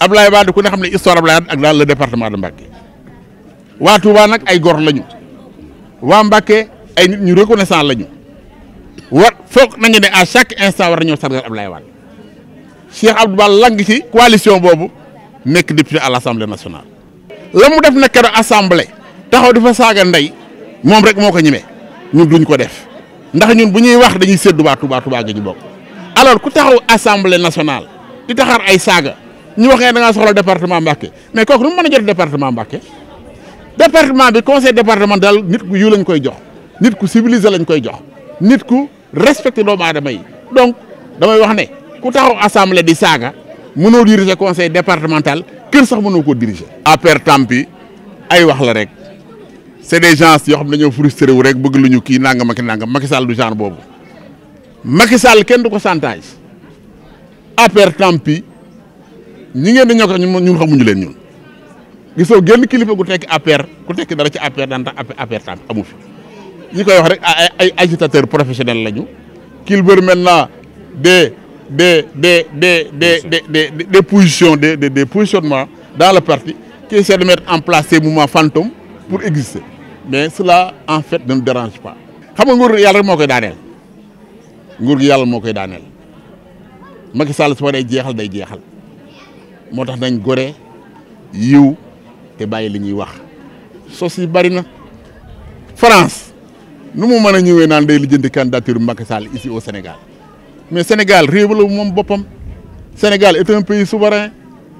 Ablaye Wade ku ne xam histoire Ablaye Wade ak dal le département de Mbacké wa Touba nak ay gor lañu wa Mbacké ay nit ñu reconnaissant lañu wa foog nañu ne à chaque instant war ñu sargal Ablaye Wade Cheikh Abdou Bal lang ci coalition bobu nek député à l'Assemblée nationale. lamu def nag keroog assemblée taxaw difa saga ndey mom rek moko ñimé ñemee ñun duñ ko def ndax ñun bu ñuy wax dañuy séddu wa Touba Touba gi ñu bokk alors ku taxaw assemblée nationale di taxar ay saga ñu wax nga da ngaa soxla département Mbacké mais kooku nu mu mën a jot département Mbacké département bi conseil départemental nit ku yiw lañ koy jox nit ku civilisé lañ koy jox nit ku respecté doomu aadama yi donc damay wax ne ku taxaw assemblée di saga, mënoo diriger conseil départemental kër sax mënoo koo diriger. APR tampi ay wax la rek c'est des gens yoo xam ne dañoo frustré wu rek bëgg lu ñu kii nangam ak nangam Macky Sall du genre boobu Macky Sall kenn ko chantage APR tampi ñi ngeen di ñokkal ñun ñun xamuñu leen ñun gisoo génn kilifa gu tekki APR ku tekki dara ci APR daan tax APR tam amu fi ñi koy wax rek ay ay agitateurs professionnels lañu qu'ils veut maintenant des des des des des des des positions des des des positionnements dans le parti qui essaient de mettre en place ces mouvements fantômes pour exister mais cela en fait ne me dérange pas. xam nga nguur gi yàlla rek moo koy daaneel nguur gi yàlla moo koy daaneel Macky Sall su ma day nous avons goré, France Nous mu candidature Macky ici au Sénégal mais Sénégal Sénégal est un pays souverain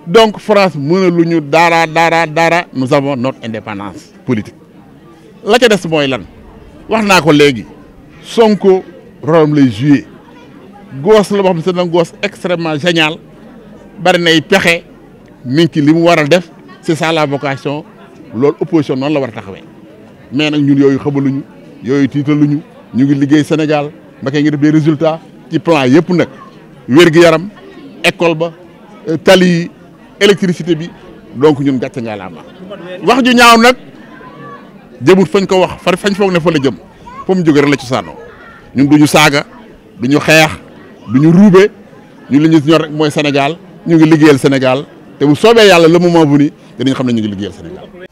donc France nous avons notre indépendance politique la qui est la lan Je l'ai Sonko c'est un gosse extrêmement génial bari nay pexe mi ngi li mu waral def c'est ça la vocation loolu opposition noonu la war a taxawee mais nag ñun yooyu xamaluñu yooyu tiitaluñu ñu ngi liggéey Sénégal Mbacké ngi def des résultats ci plan yëpp nag wér-gu-yaram école ba euh, tali yi bi donc ñun gàcce ngalaama wax ju ñaaw nag jëmut fañ ko wax far fañ foog ne fa la jëm fa mu jóge rek la ci sànnoo ñun duñu saaga duñu xeex ñu ruube ñun li ñu ñor rek mooy Sénégal ñu ngi liggéeyal Sénégal te bu soobee yàlla le moment venu dinañ xam ne ñu ngi liggéeyal Sénégal.